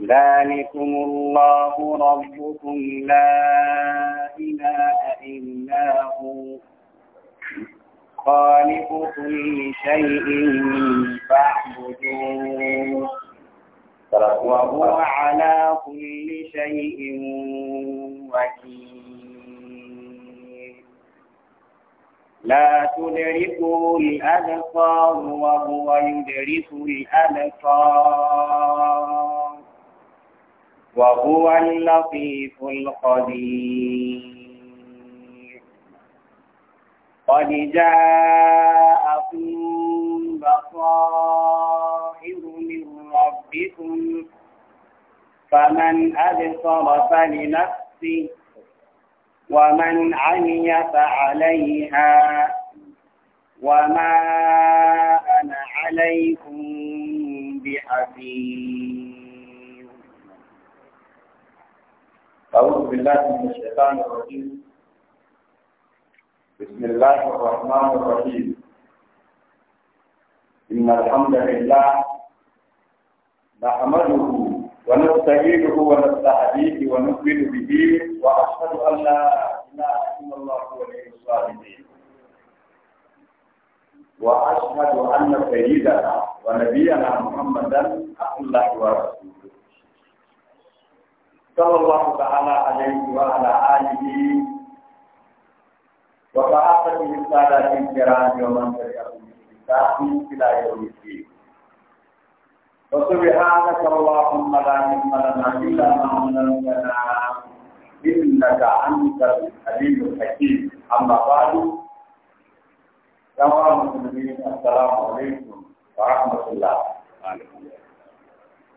ذلكم الله ربكم لا إله إلا هو خالق كل شيء فاعبدوه وهو على كل شيء وكيل لا تدرك الأبصار وهو يدرك الأبصار وهو اللطيف الخبير قد جاءكم بصائر من ربكم فمن أبصر فلنفسه ومن عمي فعليها وما أنا عليكم بحفيظ أعوذ بالله من الشيطان الرجيم بسم الله الرحمن الرحيم إن الحمد لله نحمده ونستعينه ونستهديه ونؤمن به واشهد ان لا اله الا الله ولي الصالحين واشهد ان سيدنا ونبينا محمدا عبد الله ورسوله صلى الله تعالى عليه وعلى اله وصحابته السادات الكرام ومن تبعهم بإحسان الى يوم الدين وسبحانك اللهم لا علم لنا الا ما علمتنا انك انت الحليم الحكيم اما بعد كما المسلمين السلام عليكم ورحمه الله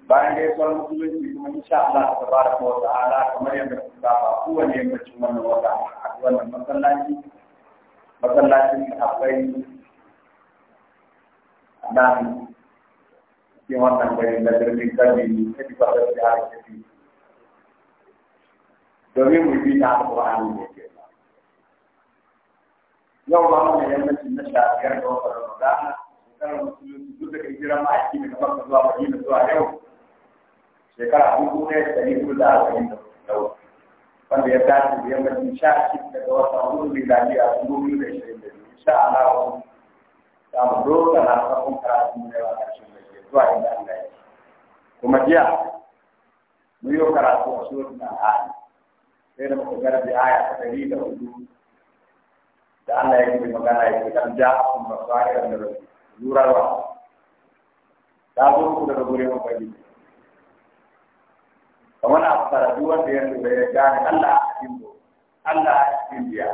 bayan dai sauran musulunci kuma insha Allah tabaraka wa ta'ala kamar yadda kuka saba kowane yammacin wannan wata a wannan masallacin da akwai nan cikin wannan gari na birnin kami ta bisa da su har kifi domin mu bi na alƙur'ani ne ke yau ba mu ne yammacin na shafiyar da wata ramadana shekarar musulunci duk da kai jira ma'aiki daga makka zuwa madina zuwa yau shekara dubu ɗaya da ɗari hudu da arba'in da hudu wanda ya dace da yammacin sha shida daga wata hudu miladiya dubu biyu da ishirin da biyu insha Allah za mu doka na sakon karatu ne wa ƙarshen zuwa inda Allah ya ce kuma jiya mu yi karatu a na sai da muka garbi aya ta ɗari da hudu da Allah ya yi magana ya ce kan ja kun ba su hanyar da lurarwa ta zo ku daga gurin ubangiji kamar a karatu wanda ya lura ya gane Allah a cikin Allah a cikin biya.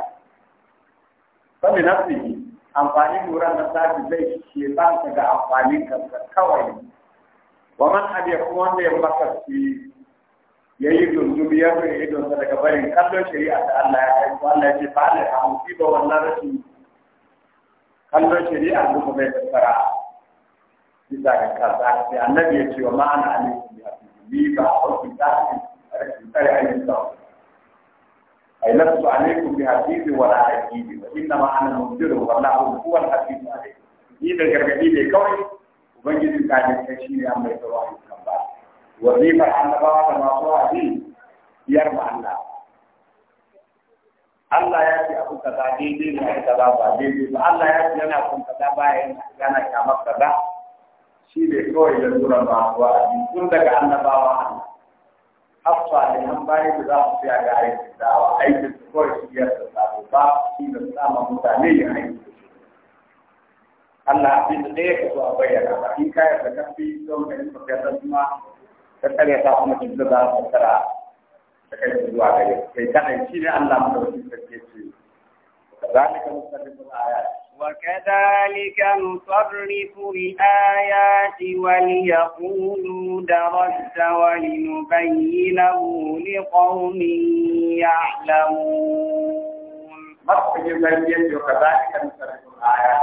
Sami nafsihi amfanin lura da sati zai ke ba ga amfanin kanka kawai wa man abiya kuma wanda ya maka shi ya yi dundumi ya fi idonsa daga barin kallon shari'a da Allah ya kai ko Allah ya ce fa'ala ya hamuki ba wannan rashin kallon shari'a da kuma bai tsara bisa ga kaza sai annabi ya ce wa ma'ana alaikum ya fi ba hukunta rashin tsare ayyukan أي لست عليكم بحفيظ ولا حكيم وإنما أنا منذر والله هو الحفيظ عليكم إذا جرجدي لي كوي وبنجد كان يكشيني أمر الله كم بعد وظيفة أن بعض ما صار فيه يرمى الله Allah ya ce abu kaza daidai ne ka kaza ba daidai ba Allah ya ce yana kun kaza bayan yana kyamar kaza shi ne kawai ya tura ba wa tun daga annabawa Allah haffa da nan bayan da za su tsaya ga da dawa aikin su kawai shi ya sassabo ba shi da sama mutane ya aiki Allah abin da ɗaya ka so a bayyana ba in ka yarda ka fi don ka yi mafiyar kuma ka tsare ta kuma cikin da za ka tsara da kai zuwa gare kai kaɗai shi ne Allah mutum da ke ce. Zalika mutum da ya وكذلك نصرف الآيات وليقولوا درست ولنبينه لقوم يعلمون مخرج البيت وكذلك نصرف الآيات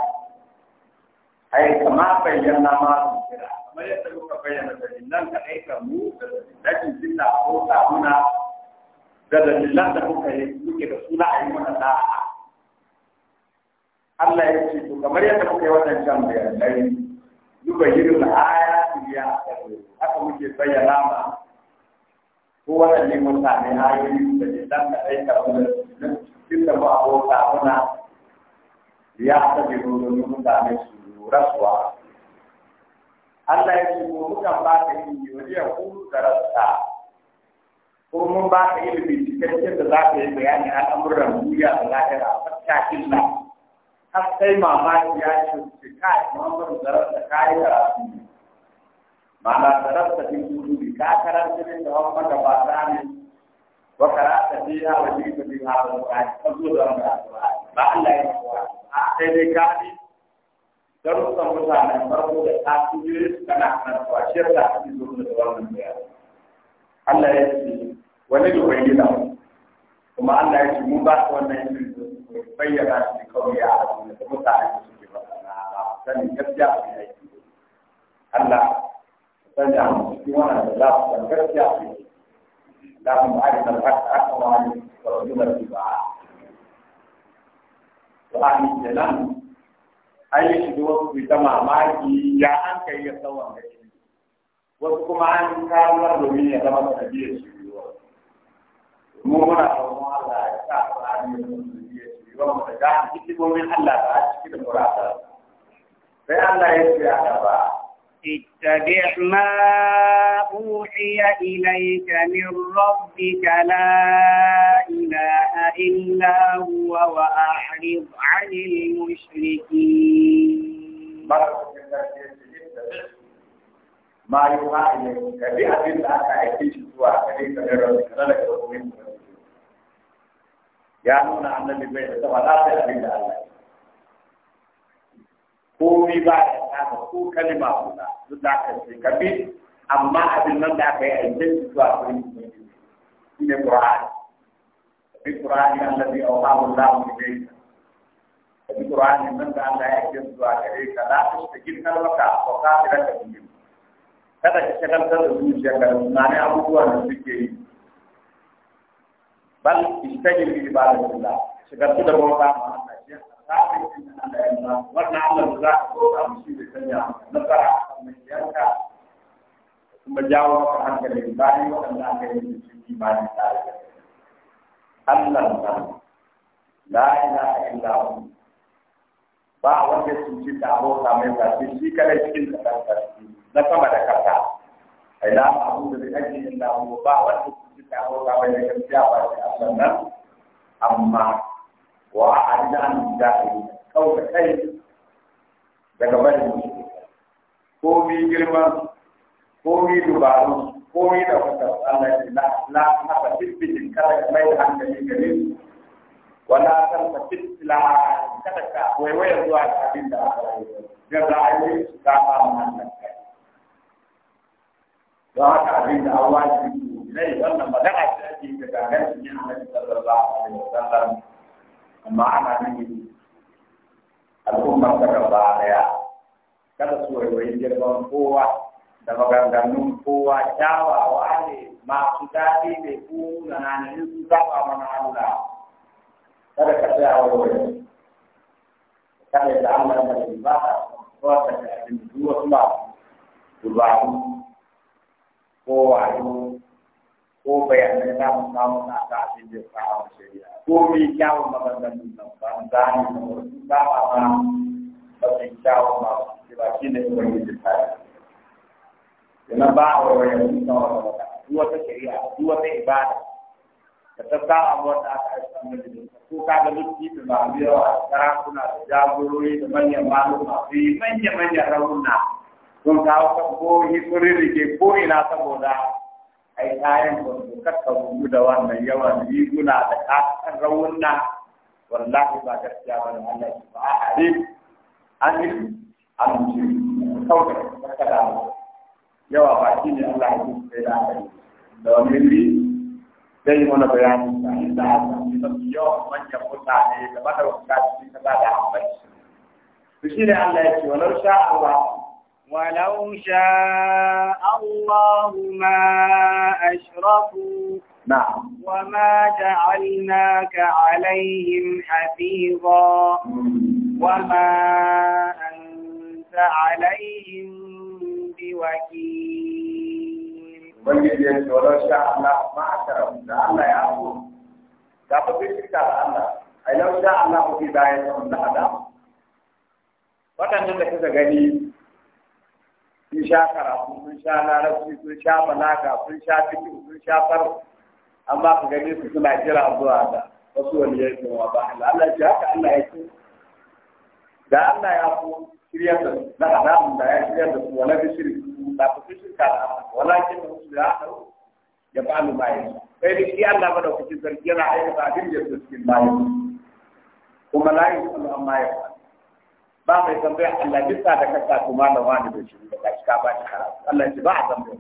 أي كما بينا ما ذكر كما يتلوك بينا فإنك أيك موسى لكن زلنا أخوك هنا ذلك لله تبوك يسلوك رسول أيمنا لا Allah ya ce to kamar yadda muka yi wannan can bayanai yubayyinu al-ayati li ya'lamu haka muke bayyana ma ko ne waɗanne sami ayoyi da ke dan da aika mu da cikin da ba abota muna ya ta bi domin mutane su rasuwa Allah ya ce ko mukan ba ka yi wani ya kuru da rasta ko mun ba ka ilimi cikakken da za ka yi bayani al'amuran duniya da lahira fattakin lafiya har sai mamaki ya ce su kai muhammadu zarar da kayi karatu ma'ana zarar da bin gudu ka karanta ne da wani da ba ta ne wa karanta ne ya waje ka bin haɗa ƙwari ka zo da wani ba Allah ya kuwa a sai dai ka bi darussan mutanen farko da ta su yi kana kana kuwa shi yasa ka zo da wannan bayani Allah ya ce wani da bayyana kuma Allah ya ce mun ba su wannan yin ilimin bayyana shi kawai ya abin da mutane suke masana ba sanin gaskiya a cikin aiki Allah sanya mu cikin wannan da za su san gaskiya a cikin da mu ba da haka aka wani kawai da ba to a ni nan, an yi shi wasu su ta mamaki ya an kai ya tsawon da shi wasu kuma an yi kawo domin ya zama sanadiyar shi mu muna roƙon Allah ya sa ba a yi sanadiyar shi yiwa mu da hikimomin Allah ba cikin murata sai Allah ya ce aka ba اتبع ما أوحي إليك من ربك لا إله إلا هو وأعرض عن المشركين ما يوحى إليك بأبي الله أعطيك سواء كذلك من ربك لا لك ya nuna annabi bai da sama za ta komi ba ya tsaka ko kalima guda duk da aka ce amma abin nan da aka yi a yanzu zuwa kurin shi ne Qur'ani bi Qur'ani annabi auhamu Allah mu bai bi Qur'ani nan da Allah ya yi zuwa gare ka la ta cikin kalmaka ka kada ka tunanin abubuwan da suke yi bal istajir bi ibadatillah shigar da bauta ma Allah shi wannan Allah za ka ko a mushi da sanya nasara mai yanka kuma jawo ka hankali bayan wannan aka yi cikin imani tare da ba shi kada na sama da kasa ila abu da ake yin da abu ba wanda su ta hau ba bai da gaskiya ba da Allah nan amma wa a'adda an da'ili kauka kai daga barin mushrikai komi girman komi dubarun komi da wata Allah la la haka tibbitin kada ka mai hankali gare su wala kan ka tibbila kada ka waiwayar zuwa ga abin da aka yi da za a yi su ta ba mu don a abin da an wajibi ne wannan magana ce ake da gagar shi ne a nan sallallahu alaihi wasallam amma ana nan al'ummar ta gaba daya kada su waiwayi girman kowa da maganganun kowa kyawawa ne masu daɗi ne ko na nanin su zaɓa mana Allah kada ka tsaya waiwayi kada da Allah da ba ta ko ta da duk wasu ba dubatu ko wayo ko bayanan da samu na ta abin da ka hawa ko mi kyawun maganganun nan wasu ba ba ba ba kyawun ba ba ba shi ne kuma ba a su wata wata ibada da ta sa ko ka ga duk kifin ba a da jagorori da manyan maluma yi manya-manyan rauna sun kawo sabbobi sun rirrike ko ina saboda ai kayan kwanto kakka gudu da wannan yawan riguna da kasan raunna wallahi ba gaskiya ba da Allah ba a hari an yi amince kawai kakka da yawa ba shi ne Allah ya kusa da hare da wani ri zai yi mana bayani da inda a sami mafi yawan manyan mutane da madawaka ta ba da hambaci. Su shi ne Allah ya ce, wani sha ba? ولو شاء الله ما أشركوا نعم وما جعلناك عليهم حفيظا وما أنت عليهم بوكيل وجد ولو شاء الله ما أشركوا الله يعفو dapat bercerita Allah. Kalau tidak Allah mesti bayar untuk Adam. Wadannan da kuka gani sun sha karatu sun sha larabci sun sha malaka sun sha fiki sun sha far amma ka gani su suna jira zuwa da wasu wani ya yi ba Allah Allah ya haka Allah ya ce da Allah ya ku shirya da na haramun da ya shirya da su wani bishiri da ku fi shirka da Allah ke da wasu da haɗu ya ba mu bayan sai da shi Allah madaukakin sarki yana aikata abin da ya cikin bayan kuma la yi su amma ya ba mai tambaya Allah bisa da kasa kuma da wani da shi da kashi ka ba shi karatu Allah shi ba a tambaya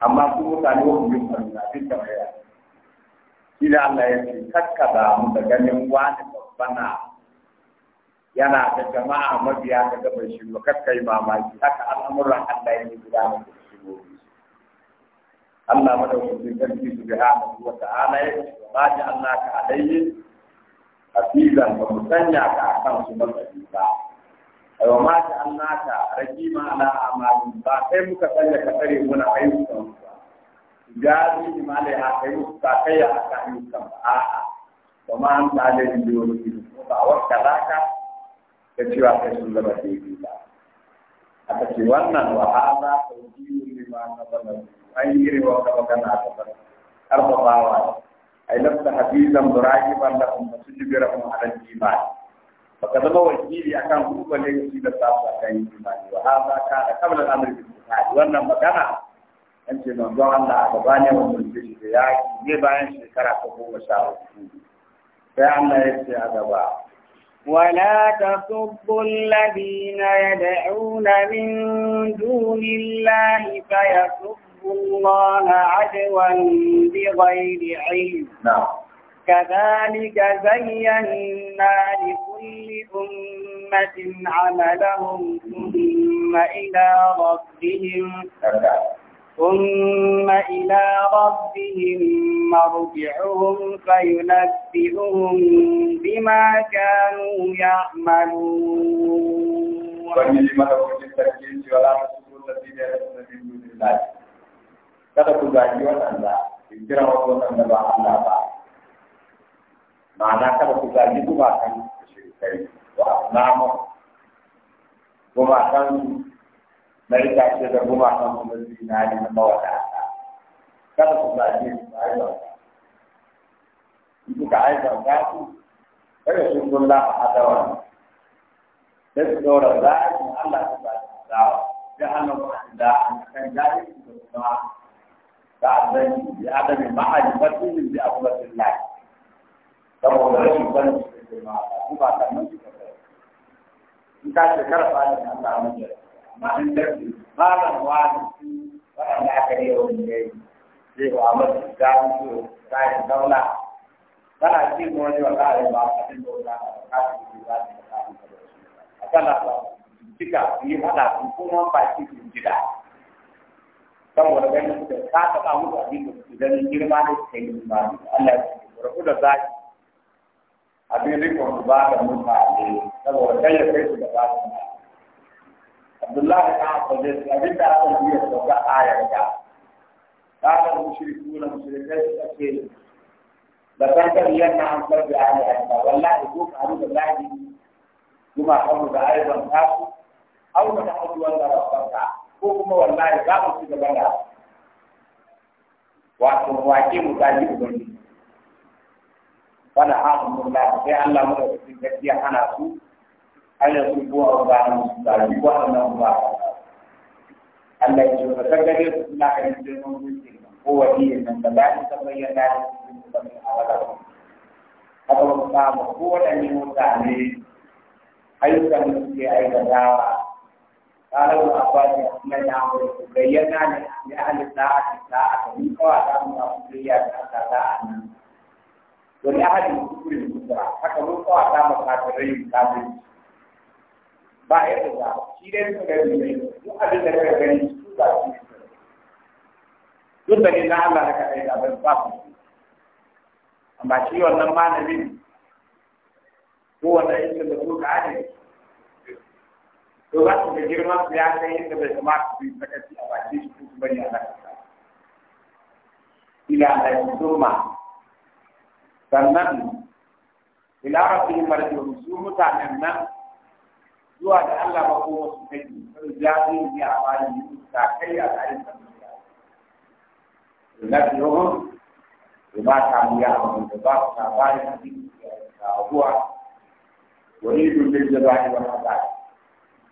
amma su mutane wa mun san na duk tambaya shi da Allah ya ce kakka da mu da ganin wani bana yana da jama'a mabiya da gaban shi ba kaska yi mamaki haka al'amuran Allah ya yi gudanar da shi Allah madaukakin sarki subhanahu wa ta'ala ya ce ba ji Allah ka alayhi hafizan ba mu sanya ka a kan su matsari ba aiwa ma ta an nata rajima ala amalin ba kai muka sanya ka tsare muna ayyukan ba jazi imale ha kai muka ka kai a kan ayyukan ba a'a ba ma an ta da bidiyoyi ba wakka laka da cewa kai sun zama daidai ba aka ce wannan wa hada tawjihu lima qabala an yi riwa ka magana ta karfafawa ay nafsa hafizan rajiban la um sujju bi rabbuhum ala al-iman fa kadama wajibi akan ku ko le ci da sa ka yi iman wa hada ka da kamal al-amr bi sa'i wannan magana an ce non don Allah da bani mun mun ji da ya ne bayan shekara ta goma sha uku sai Allah ya ce a gaba ولا تصبوا الذين يدعون من دون الله فيصبوا الله عدوا بغير علم نعم كذلك زينا لكل أمة عملهم ثم إلى ربهم ثم إلى ربهم مرجعهم فينبئهم بما كانوا يعملون. kada ku zagi jira wato nan da ba Allah ba ma'ana kada ku zagi gumakan shirkai wa asnamu gumakan na ce da gumakan na zinari na mawadata kada ku zagi su aibanta in kuka aibanta su kada su kulla a adawa da su ɗora zagin Allah su ba su dawa da hannun ba da an kan zagin su da kuma فعلمني بعدم معرفتهم بأقوات الله saboda rashin bani da jama'a ku ba ta mun ka kai in ka ce karfa ne an ta mun amma in da ba wani wanda aka yi wani yayi zai wa mun da su sai daula kana ji mu wani wanda ai ba ka tin daula ka ci ji ba ka ta mun ka da shi akalla ba kika yi hada kuma ba ki ji da saboda ganin da ka taɓa musu abin da su ganin girma da su kai girma da Allah ya ce rufu da zaki abin rikon ba da mutane saboda kai ya kai su da ba su Abdullahi ta kwaje su abin da aka yi sauka ayar da قال المشركون مشركين أكيد لتنتهين عن قلب أهل الأنبياء والله kuma عن الله بما قالوا أيضا أو نتحدث ولا ربك ko kuma wallahi za mu ci gaba da wato wake mu ta ji ubangiji wala hamun la sai Allah mu da cikin gaskiya ana su ala su ko a ba mu da ko Allah ba Allah ya ce ka gare su na kan da mun yi ko wani nan da ba ta bayyana da cikin da Allah haka ba mu samu ko da ni mutane ayyukan da suke aikatawa قال ابن عباس من يعمل بينا لأهل الساعة الساعة وقال ابن عباس حتى ساعة الكفر الكفر حتى من قال الكافرين كافرين ba ya da ba shi dai su ga duk da ka su duk da ni na Allah da ka da ban ba amma shi wannan malamin ko wannan yake da ko ka ne to za su ga girma su ya kai yadda bai kamata su yi sakaci a baki shi su bari a nan ila da zuma sannan ila rabbihim marji'un su mutanen nan zuwa da Allah ba ko wasu kai sai ya yi ya amali ta kai a kai ta lafiyohun ba ta biya wanda ba ta bayan da ta zuwa wani dubin da ba ta ba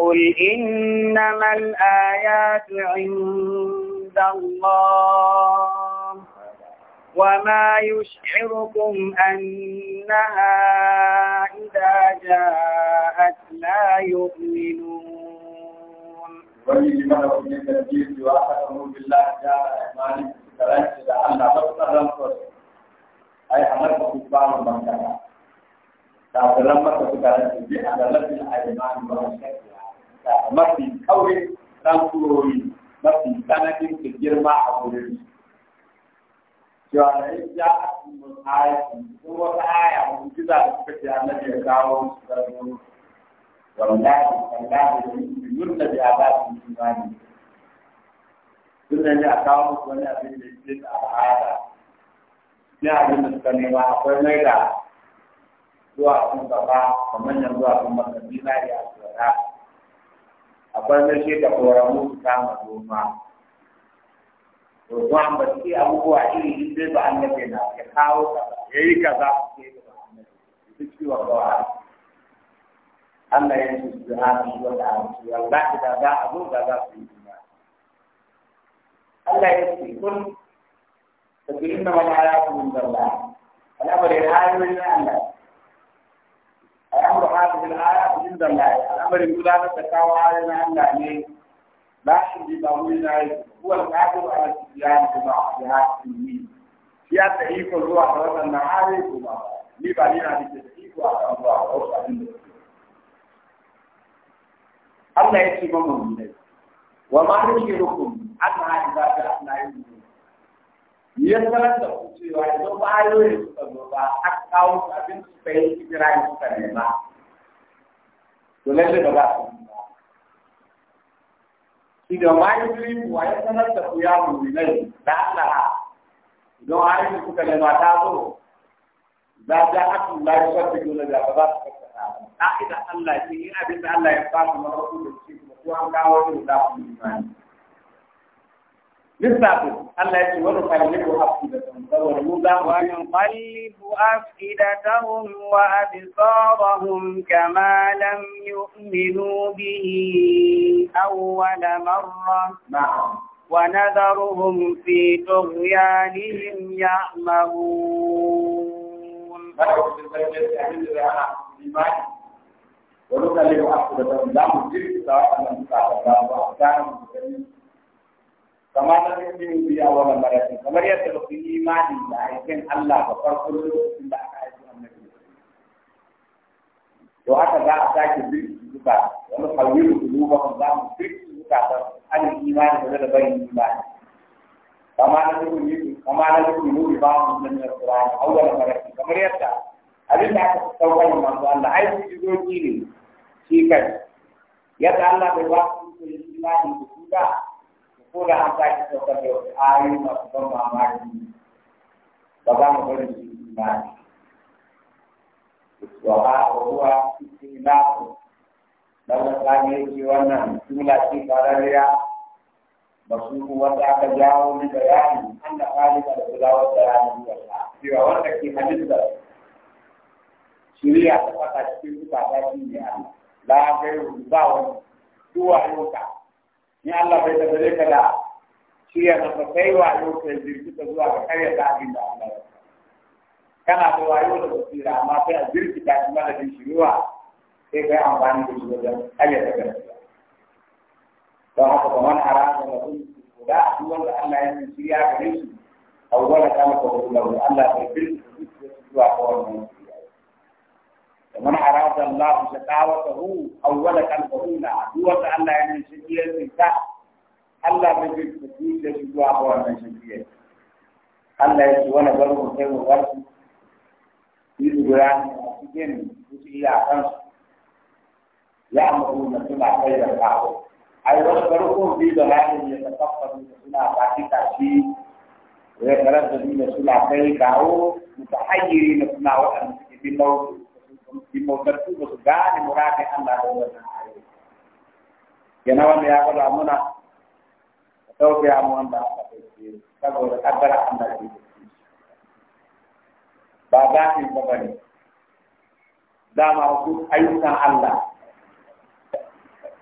قل إنما الآيات عند الله وما يشعركم أنها إذا جاءت لا يؤمنون أي أمركم ببعض المنكرات. تعترمت بكرة الجهة على لفظ أي والشكل mafi kaurin rankurori mafi tsananin da girma a wurin Jami'ai ya asu mun ayatu, sun wata aya mun ji za su suka ce annabi ya kawo su zargo. Wallahi, da yurna bi abati imani. Yurna ne a kawo musu wani abin da ke da al'ada. Ne abin da suka nema akwai mai da zuwa sun gaba, kamar yanzu a kan makarbi na iya tsara. a kwanar shi da koramu su kama noma to zuwa ba su abubuwa iri zai ba annabi na ya kawo kaza ya yi kaza sai ba annabi duk ciwon gawa Allah ya ce su ha su wa da su wallahi da za a zo ga za su yi Allah ya ce kun tabi inna ma la yaqulu billah al'amari hayyun Allah الأمر هذه الآيات عند الله الأمر يقول تكاوى علينا أن يعني لا حد ضروري هو القادر على الصبيان بمعصيات المين في التأييف الروح رب النهار كما لبالينا بالتأييف وعلى الله الله يسمى مؤمنين وما نشكركم أنها إذا جاءتنا يوم ya idan ba ayoyin ba ma yi ya Allah ta za yi ba abin da Allah ya fasa su na wasu da shi kawo su da za ونقلب أفئدتهم وأبصارهم كما لم يؤمنوا به أول مرة نعم ونذرهم في طغيانهم يعمهون نعم. ونقلب أفئدتهم لا مجرد سواء أن نتعلم kama ta fi min biya wa mamaratin kamar yadda ba ku yi imani da aikin Allah ba farko lokacin da aka aiki annabi to haka za a sake bin zuba wani kawiri kuluba kan za mu bin zuba ta an imani da da bayin imani kama na zuku ne kama na zuku ne ba mu nan da Qur'ani awwal maratin kamar yadda Allah ai su ne shi kai yadda Allah bai ba imani da su ko da an sake saukar da wasu ayoyi masu ban mamaki ba za mu bari su imani wa ba a ruwa cikin naku dan sani yake wannan jumla ce farariya ba su wanda aka jawo ni bayani an da halika da kulawar da ranar zuwa cewa wanda ke halittar shirya ta fata cikin zukata shi ne Allah la gairu ba wani duwa yau ni Allah bai tabbare ka da shirya na ka kai wa yau ka jirgi ta zuwa ka karya ta abin da Allah ya kana da wayo da basira amma sai a jirgi ta kuma da shiriwa sai kai amfani da shi wajen karya ta gaskiya don haka kamar haramun mutum guda duk wanda Allah ya yi shirya gare shi awwala kana ka wuce Allah bai jirgi zuwa ka wannan ومن أراد الله شقاوته أول قلبه لا عدوة الله يعني شكية سكتا الله بجد شكية شكوى أبوه من شكية الله يسوانا بلغه خير وغرسي يذكران أسجن يسئي أخنس يعملون بما خير فعله أي وشكركم في ضلال يتفقد سنة فاتك شيء ويتردد من سنة خير كعو متحيرين سنة وأنسك بالموت dimmogartu ba su gane muradin Allah da wannan yana wanda ya gwada muna ka tausaya mu wanda aka ka saboda kaddara Allah da yake ba za ba bane dama su ayyukan Allah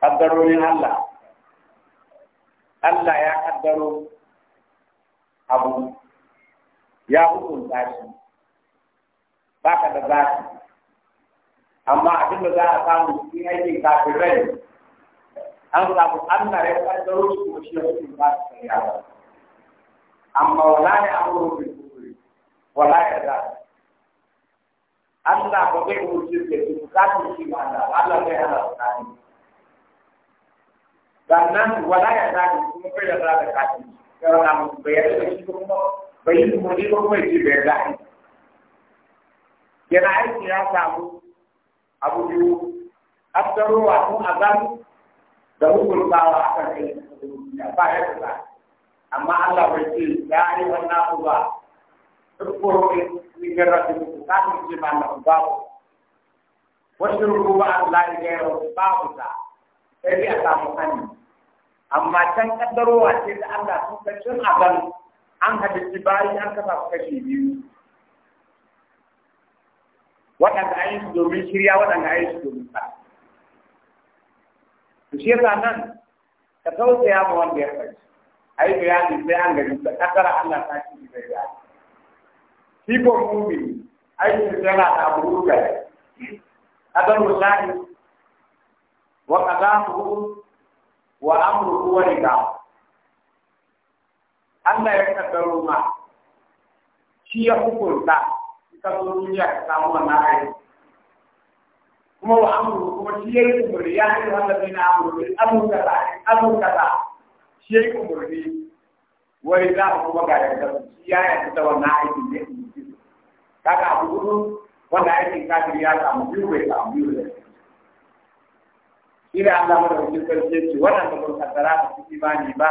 kaddarorin Allah Allah ya kaddaro abu ya hukunta shi baka da zaki. amma abin da za a samu cikin aikin kafirai an samu an na rai kaddaro su ko shi yake ba su kariya amma wala ne amuru bil wala ya da Allah ba zai umurce da su kafin shi ba Allah Allah zai hana su kafin sannan wala ya da kuma kai da za ka kafin kai mu bayar da shi kuma bayin mu ne kuma ya bai bayar da yana aiki ya samu abu biyu afdaro wa tun azan da hukuntawa a kan kai da ba ya ba amma Allah bai ce ya yi wannan ku ba duk koro ne ni garra da ku ka ku ce ma Allah ba ku wasu ruwa Allah ya gairo ba ku ta sai a samu hannu amma can kaddarowa ce da Allah sun kashin azan an hadisi bayi an kafa kashi biyu waɗanda a yi su domin shirya waɗanda a yi su domin sa Su shi yasa nan ka tausaya ma wanda ya A yi bayani sai an gari da kasara Allah ta ci da ya shi ko a yi su yana ta abu a don wallahi wa qadahu wa amruhu wani rida Allah ya kaddaro ma shi ya hukunta ka zo ya ka samu wannan aiki kuma shi yayi umurni ya yi wannan na amuru bil amru kaza amru kaza shi yayi umurni wai za ku kuma ga da shi ya yi da wannan aiki ne kaga abu gudu wanda aikin kafiri ya samu biyu bai samu biyu da shi da Allah mara wajen karshe ce wannan da ban kaddara ba su imani ba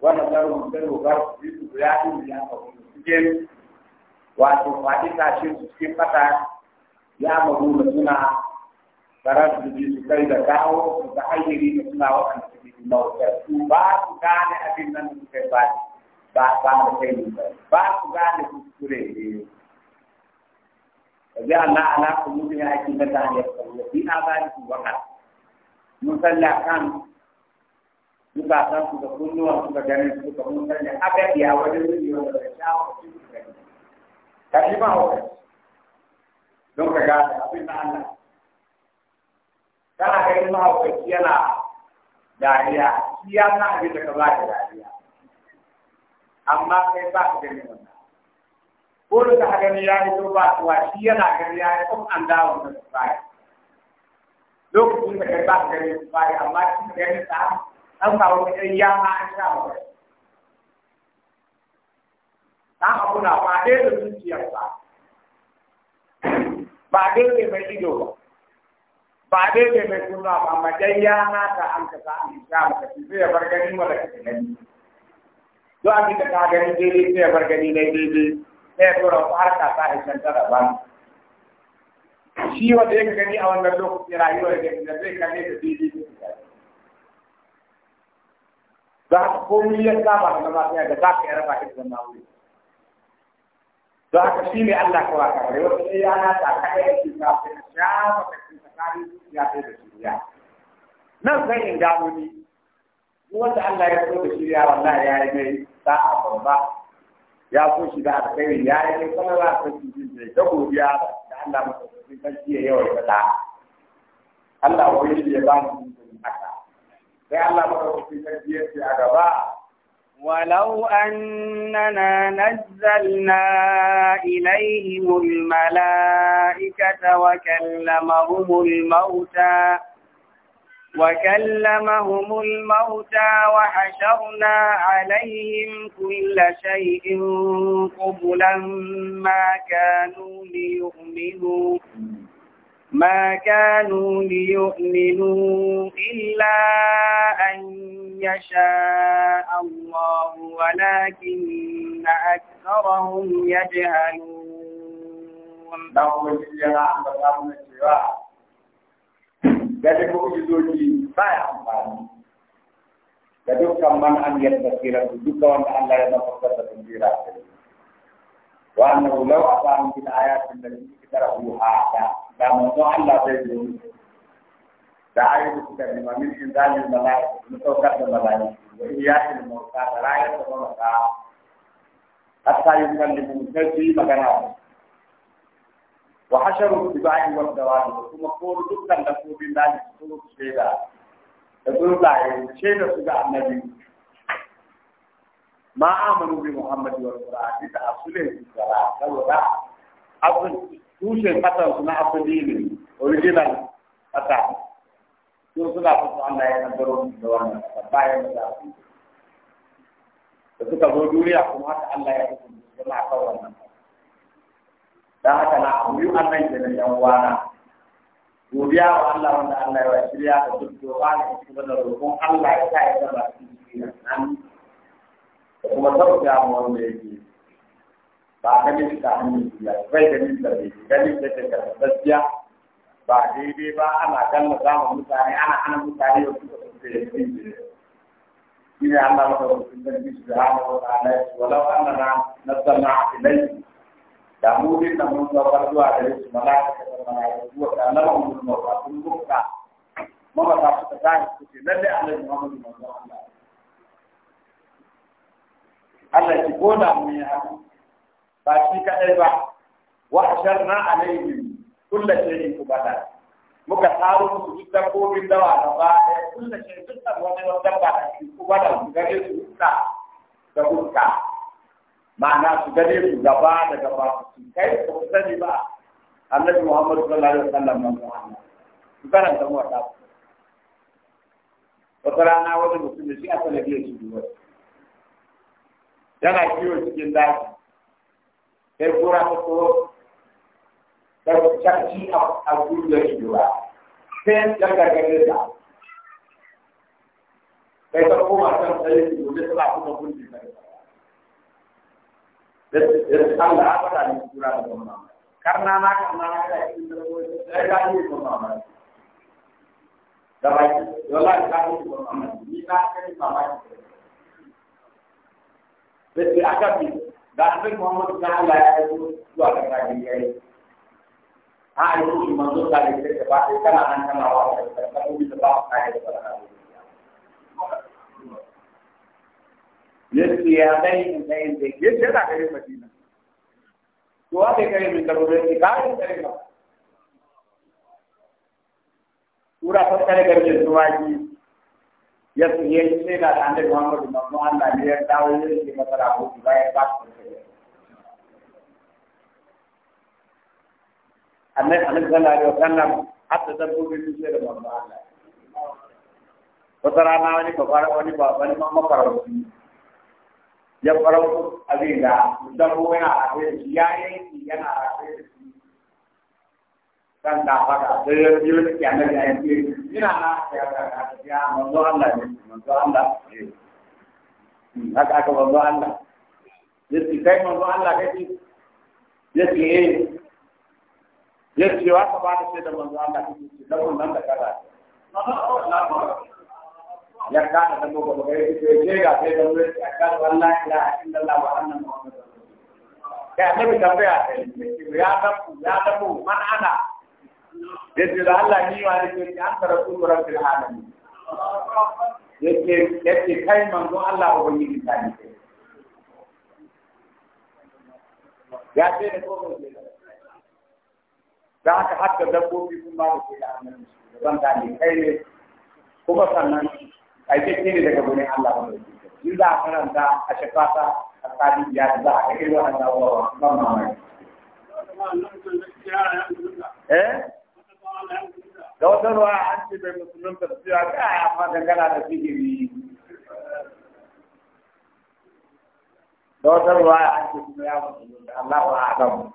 wannan da ruwan da ruwa su yi su ya yi ya kawo su wato faɗi tashin su cikin fata ya mabu da suna tsarar su su kai da dawo su da hayyari da suna waɗanda su ji su ba su gane abin nan da su kai ba ba ba da kai ne ba su gane su kure ne kaji Allah ala kullu ya ake na da ya kawo bi azalikum waqat mun salla kan duka da kunnuwan da ganin su da mun salla abadiya wajen yin yau da shawo su da ka shi ba hauka don ka gane abin da Allah kana kai ma hauka yana dariya shi ya san abin da ka ba da dariya amma kai ba ka gani wannan ko da ka gani ya yi to ba kuwa shi yana gani ya yi kuma an dawo da tsari lokacin da kai ba ka gani tsari amma shi gani ta an samu ɗan yama an sha wa dan abu na ba dai da zuciyar ba ba dai da mai ido ba ba dai da mai suna ba majayya na ta an ka sa an sha maka shi zai bar gani mara ka gani to abin da ka gani daidai sai bar gani na daidai sai tura harka ta ishan da daban shi wanda ya gani a wannan lokaci rayuwar da da zai kalle da daidai za ka komi ya saba da mafiya da za ka yi raba ita da wuri don haka shi ne Allah kawai a kare wata sai yana ta kada ya ce ka sai na shafa ka ce tsakanin zuciya sai da shirya nan sai in gano ni wanda Allah ya so da shirya wallahi ya yi mai a babba ya so shi da kai, ya yi mai kuma ba ta shi jin da godiya da Allah masa sun san shi ya yawa ya Allah wani shi ya ba mu haka sai Allah masa sun san shi ya ce a gaba ولو أننا نزلنا إليهم الملائكة وكلمهم الموتى وكلمهم الموتى وحشرنا عليهم كل شيء قبلا ما كانوا ليؤمنوا ما كانوا ليؤمنوا إلا أن يشاء الله ولكن أكثرهم يجهلون Jadi mu'jizoji baya amfani da dukkan man an yadda kira dukkan wanda Allah ya nafasar da وأنه لو أتاهم في الآيات التي اقترحوها لا موضوع الله بينهم دعاية تكلم من إنزال الملائكة من توقف الملائكة وإياك الموتى دعاية الموتى حتى يكلموا تجري مكانهم وحشروا السباع والدواب ثم قولوا دكا لكم بالله سلوك شيئا تقول لا شيء سبع النبي ma amanu bi muhammadi wal qur'ani da asule da saboda abun tushen katan suna asali ne original kata to suna fito Allah ya kaddaro da wannan bayan Ya da suka kuma haka Allah ya hukunta suna kan wannan dan haka na abu Allah ya da yan wana godiya wa Allah wanda Allah ya shirya da duk doka ne kuma da roƙon Allah ya sa ya zama da kuma tausaya ma wanda yake ba ganin shi ta hannun biya bai ganin da bai ganin da ta gaskiya ba daidai ba ana kalla zama mutane ana mutane yau suka suka yi shi ne Allah maka rukun da bi su hana wa ta'ala walau an na nasalna ilai da mu din nan mun saukar zuwa da su malaka da malaka zuwa da Allah mun mun ba sun bukka mama ta ta ta su ce lalle Allah Muhammadu manzo Allah Allah ki ko da mu ya haka ba shi kadai ba wa hasharna alaihim kullu shay'in kubada muka taro musu duk dabbobin dawa da ba da kullu shay'in duk wani dabba da shi kubada su gare su ta da hukka ma'ana su gare su gaba da gaba su kai ko su sani ba annabi Muhammad sallallahu alaihi wasallam man Muhammad su karanta mu wata wata rana wani mutum da shi aka lafiya shi duwatsu yana kiwo cikin daji sai kura ta so ta cakci a gudu da shiwa sai ya gargaje ta sai ta koma kan tsaye su gobe suna kuma gudu da shiwa Allah ya faɗa ne kura da gwamna karna na karna na kai cikin dabbobi sai ka yi gwamna da baki wallahi ka yi gwamna ni na kai mamaki sai a kan da Muhammad ta Allah ya aiko zuwa ga kafin yayi a aiko shi manzo ta da take ba sai kana nan kana wa ta ka dubi da ba ka da ya dai in dai in dai yake da kai Madina to a kai min da rubuce ka yi kare ba pura fakkare garje zuwa ji ya yi sai da annabi Muhammadu manzon Allah ne ya dawo ya ce masa rabu bayan ba su annabi annabi sallallahu alaihi wasallam hatta dabbobi sun sai da manzon Allah wata rana wani babar wani babar ma mafarauci ya farauci abin da dabbo yana a kai shi ya yanki yana a da shi kan da haka sai ya biyo da kyanar da yanki ina na ya manzo Allah ne manzo Allah hmm, haka aka manzo Allah yace kai manzo Allah kake yace eh. yace wa da manzo Allah kake da wannan da kaza ya kana da gogo ba kai ce ce ga sai da wuri akan wallahi la illallah wa anna muhammadan kai annabi tambaya ya tabu ya tabu man ana yadda da Allah ni wa ne ke an tara kullu rabbil alamin yake yake kai manzo Allah ubangiji ta ne ya ce ne ko ne da haka hatta dabbobi sun ba da kai annabi ban ta ne kai ne kuma sannan ai ce ne daga gurin Allah ba in za a karanta a shafata a tsari ya za a kai wannan dawowa ban mamaki eh da wata ruwa an ce bai musulun da cewa kai amma dangana da sihiri da wata ruwa an ce kuma ya da Allah wa adam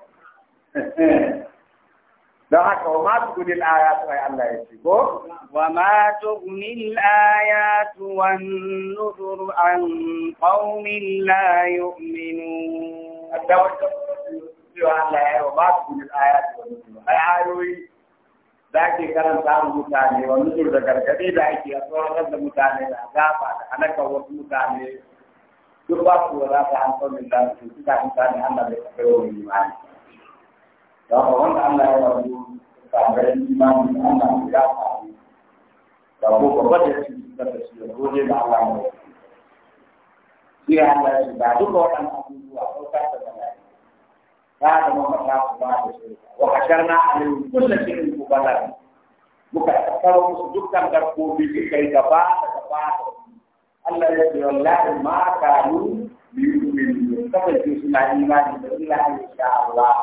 don haka wa ma tuguni aya ai Allah ya ce ko wa ma tuguni aya wan nuzur an qaumin la yu'minun da wata ruwa Allah ya wa ma tuguni al'ayatu ai ayoyi da ke karanta mutane wa nuzur da gargaɗe da ake a tsoron da mutane da gafa da halakar wasu mutane duk ba su wala ta an son min dan su suka mutane Allah da kai wa imani da ba wanda Allah ya rabu ka ga imani Allah ya gafa da ko ko ba da shi da shi da gode da Allah ne shi Allah ya ba duk wannan abubuwa ko ta ta هذا ما مشاء الله وحشرنا عليهم كل شيء مبلغ muka kawo musu dukkan dabbobi su kai gaba da gaba Allah ya ce wallahi ma kanu yu'minu kafin su suna imani da Allah insha Allah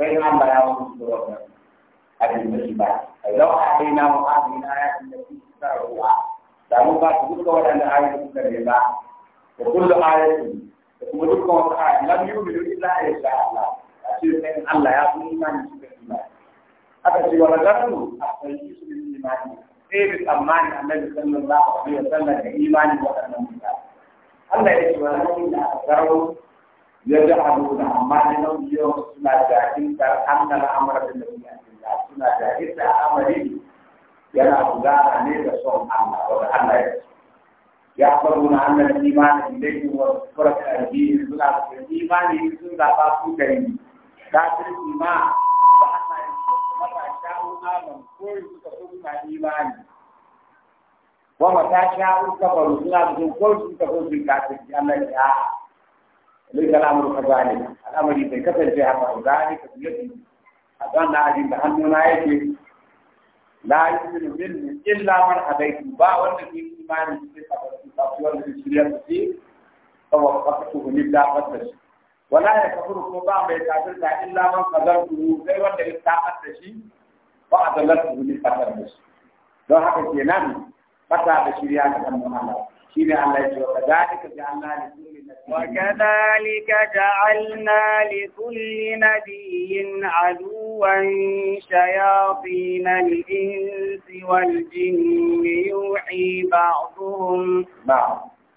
sai an bara musu da wannan abin da shi ba law alaina wa alaina ya annabi sarwa da mun ba su duka waɗanda ayoyi da da kuma illa a Allah ya fi imani suka imani aka ce wa rajaru a sai su imani sai bi tsammani annabi sallallahu alaihi wa sallam da imani waɗannan mutane Allah ya ce wa rajaru da rajaru ya ji da amma ne nan yau suna jahilta annal amara da duniya suna da amari yana gudana ne da son Allah wa Allah ya ce يحفظون أن الإيمان إليهم وفرة da سنة الإيمان سنة فاسو كريم kafin ima ba a sami mata shawo amon kori suka kuma na imani wa mata shawo kabaru suna su sun kori suka kuma ya ne ga lamarin ka gane bai kasance haka ba gane ka biyo na yake la yu'minu billahi illa ba wanda imani sai ka ba su ba su shirya su ولا يكفر الصوت عن بيت الا من قدرته غير ان استعقدت شيء وقد لست بني قدر بس لو حقك ينام قطع بشريان من وكذلك جعلنا لكل نبي عدوا شياطين الانس والجن يوحي بعضهم بعض نعم.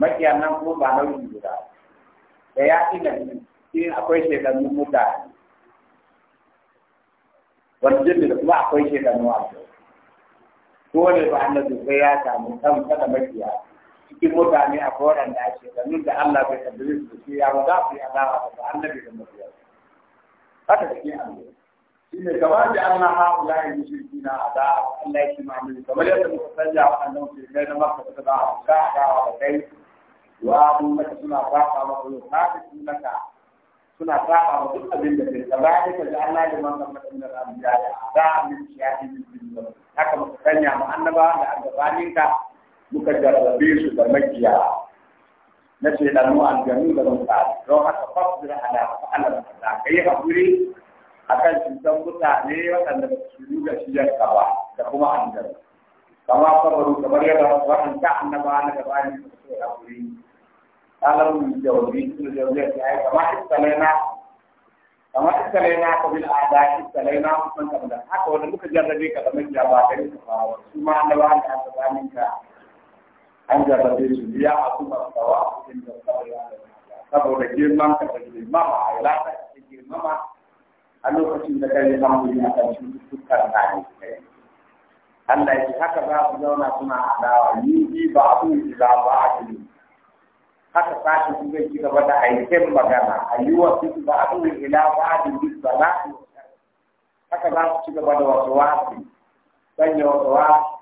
makiyan nan kuma ba nauyi guda da ya ina shi akwai shekarun mutane wani jirgin da kuma akwai shekarun wasu dole ba annabi sai ya samu kan kada makiya cikin mutane a koran da shekarun da Allah bai kaddare su shi ya ba za su yi alawa da annabi da makiya haka cikin Shi ne kamar da an haula ya yi shirki na da, Allah ya ci ma kamar yadda muka sanya wa annabi sai na maka da ka da kai وآمنك سنة رافع مطلوب هذا سنك سنة رافع مطلوب أبن بكر كذلك جعلنا لمن قبلك من الأنبياء أعداء من شياطين الجن haka muka sanya mu annaba da gabaninka muka jarrabe su da makiya na ce da mu aljanu da mun ta don haka fasbir ala fa'ala da kai hakuri akan cutar mutane waɗanda su yi ga shiyar ba da kuma aljanu kama kamar yadda waɗanda annaba na gabanin su suka hakuri kalau jauh di itu jauh dia saya sama istilahnya sama istilahnya kabil ada istilahnya pun sama dah aku dulu kerja tadi kata menjadi jabatan itu cuma lewat yang terkini ke anda tadi sudah aku masih tahu aku tidak tahu yang ada tapi kalau dia mampu kerja di mama ialah kerja di mama Allah kasih mereka yang mampu dia akan cukupkan lagi Allah yang hakikat Allah nasma ada ini di bawah ini di bawah ini haka sashen zai ci gaba da aikin magana a yi wa su ba a ɗin ila ba da yi ba na haka za su ci gaba da wasu wasu sanya wasu wasu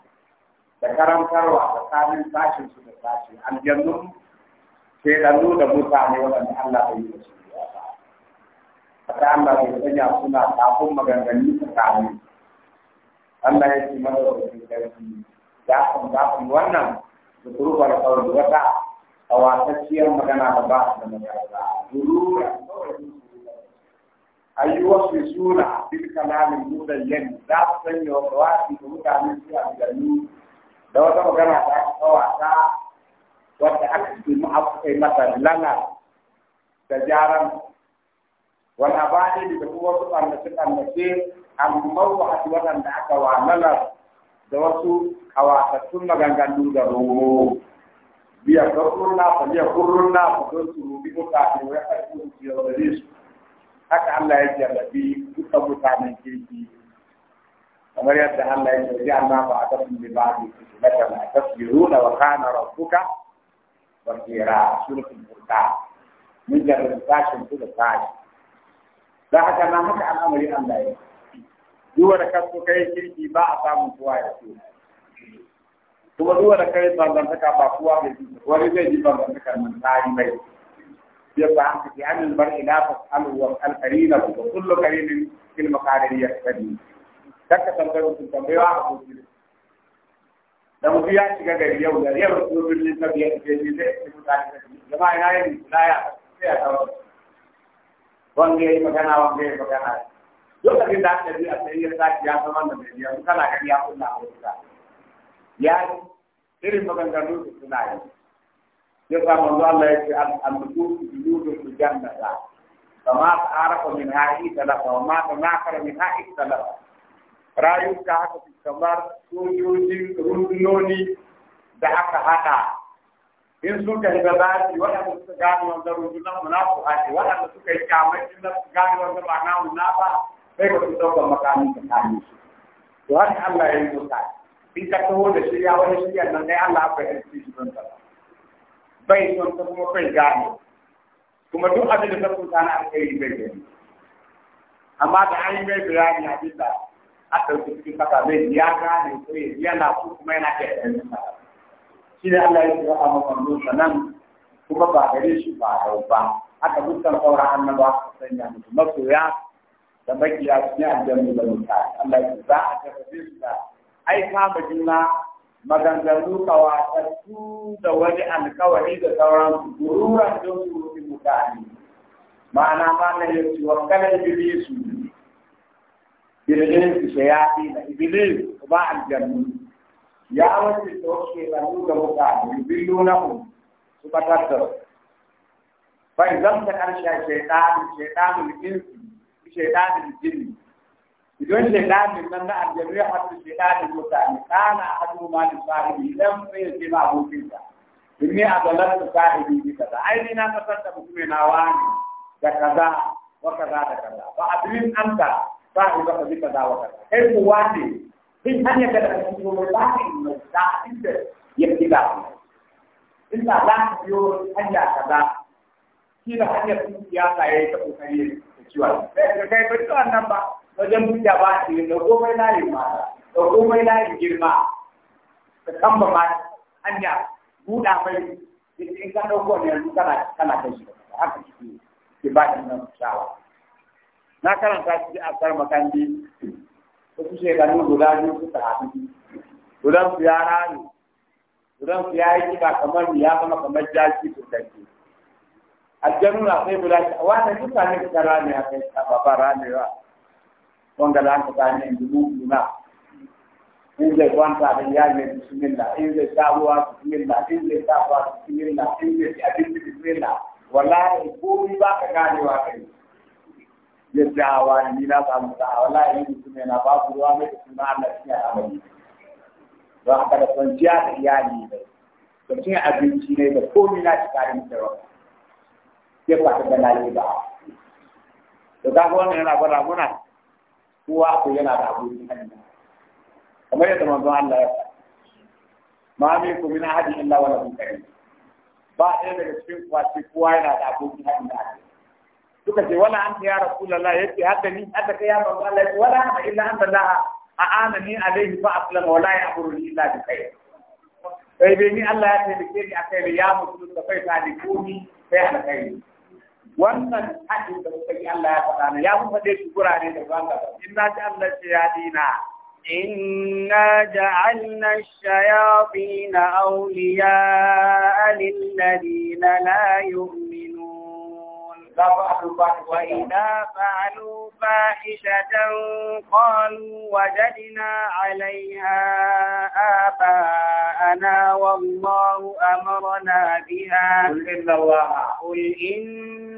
da karantarwa tsakanin sashen su da sashen aljannun sai da nuna mutane waɗanda Allah bai yi da su ba A ta Allah bai sanya suna kafin maganganu tsakanin Allah ya ce mana da su da su da su wannan da turbar kawai wata a wasacciyar magana da ba ba da magana ba durura ayyuwa su suna bil kalamin mudayyan za su sanya wa kawasi da mutane su a gani da wata magana ta aka kawata wadda aka ce mu aka kai mata lala da jaran wani abadi da kuma wasu tsallace-tsallace amma wasu waɗanda aka wa lalar da wasu kawatattun maganganu da romo ليغرنا فليغرنا فدوسوا بمتعه ويحفظوا في الرزق haka Allah ya jarrabi dukkan mutanen kirki kamar yadda Allah ya jarrabi Allah ba a tafi da ba da su na da na da wa kana rabbuka basira suratul furqan mun jarrabi tashin su da tashi dan haka nan haka al'amari Allah ya duk wanda kaso kai kirki ba a samun kowa ya so kuma duk wanda kai bambantaka ba kowa bai ji wani zai ji bambantaka mun yi bai ya ba an ka an bar ila fa alu wa al karina wa kullu karinin fil maqarir yaqdi kaka tambayar sun tambayewa a gobe da mutu ya shiga gari yau da yau su birnin ta biyar da ji zai ci mutane da ji jama'a ina yin laya sai a tawo wanda ya yi magana wanda ya yi magana lokacin da aka ji a sai ya sake ya zama da mai biya kana gari ya kulla a wuta ya irin maganganu da suna yi ya sa manzo Allah ya ce al-nubu junudu fi jannata kama min ha'i talafa wa ma min ha'i talafa rayuka haka kamar rundunoni da aka hada in suka yi bazaji waɗanda suka wanda waɗanda suka yi kyamai in na su wanda ba na ba sai ka su ɗaukar makamin su to Allah ya yi mutane in ka taho da shirya wani shirya nan dai Allah ba ya ci shi ban bai son ta kuma bai gane kuma duk abin da ta kunta na alheri bai gani amma da an yi mai bayani abin da a ɗauki cikin kasa bai ya gane ko ya yana ko kuma yana da yanzu shi ne Allah ya ce a mamannu sanan kuma ba gare shi ba a ba haka dukkan sauran annaba su sanya musu masoya da makiya su ne aljannu da mutane Allah ya ce za a tafi su da ai kama juna maganganu kawatattu da wani alkawari da sauran gururan don surutun mutane ma'ana ma na yi ciwon kanan ibilisu ibilisu shayafi na ibilisu ba aljannu ya wace ta wace da nuna mutane billu na ku su batar da fa idan ta karshe shaitan shaitanul insi shaitanul jinni idan shaitanin nan na aljanu ya haɗu shaitanin mutane kana a hadu ma da sahibi idan sai ya ce ma abokinsa in ne a zalar da sahibi ne kaza ai ni na kasar da mutum na wani da kaza wa kaza da kaza ba abin an ta sahibi ba kaza kaza wa kaza kai ku wani sun hanya ka da mutum mai ba ka yi mai da inda ya fi da in da za ka biyo hanya kaza shi da hanyar sun siyasa ya yi ta kokari da ciwon sai ka kai ba ciwon nan ba wajen buɗe ba shi yi da komai layin mata da komai layin girma da kamba ma hanya buɗa mai in ka ɗauko ne yanzu kana kana kai shi haka shi ke ba da nan shawa na karanta shi a kar makandi wasu shekaru guda biyu suka haɗu gudan su ya rani gudan su ya yi kiba kamar ya zama kamar jaki sosai aljanu na sai guda shi a wannan duka ne suka rani a kai ba ba wanga za ka gane yanzu mu'mina in zai kwanta da iyalin bismillah in zai sa ruwa bismillah in zai sa ruwa bismillah in zai ci abinci bismillah wallahi komai ba ka ganewa kai yadda hawa ni na samu sa'a wallahi in mutum yana babu ruwa mai suna Allah shi ya amali don haka da kwanciya da iyali ne da cin abinci ne da komai na shi kare mutum rawa ke fata da lalai ba to kaga wannan yana gwada muna kowa ko yana da abokin hanya kamar yadda manzon Allah ya faɗa ma min ku min ahadin illa wa lahu karim ba ɗaya daga cikin kuwa ce kowa yana da abokin hanya suka ce wala anta ya rasulullah yace haka ni haka kai ya manzon Allah yace wala anta illa anta la a'anani alayhi fa aslama wa la ya'muru illa bi khair sai dai ni Allah ya taimake ni akai ya mutu da kai ta ni komi sai alkhairi wannan haɗin da kuka yi Allah ya faɗa na ya mun faɗe shi kurare da ruwan gaba inna ta Allah ce ya dina inna ja'alna ash-shayatin awliya'a lil-ladina la yu'minun wa idha fa'alu fahishatan qalu wajadna 'alayha aba'ana wallahu amarna biha qul inna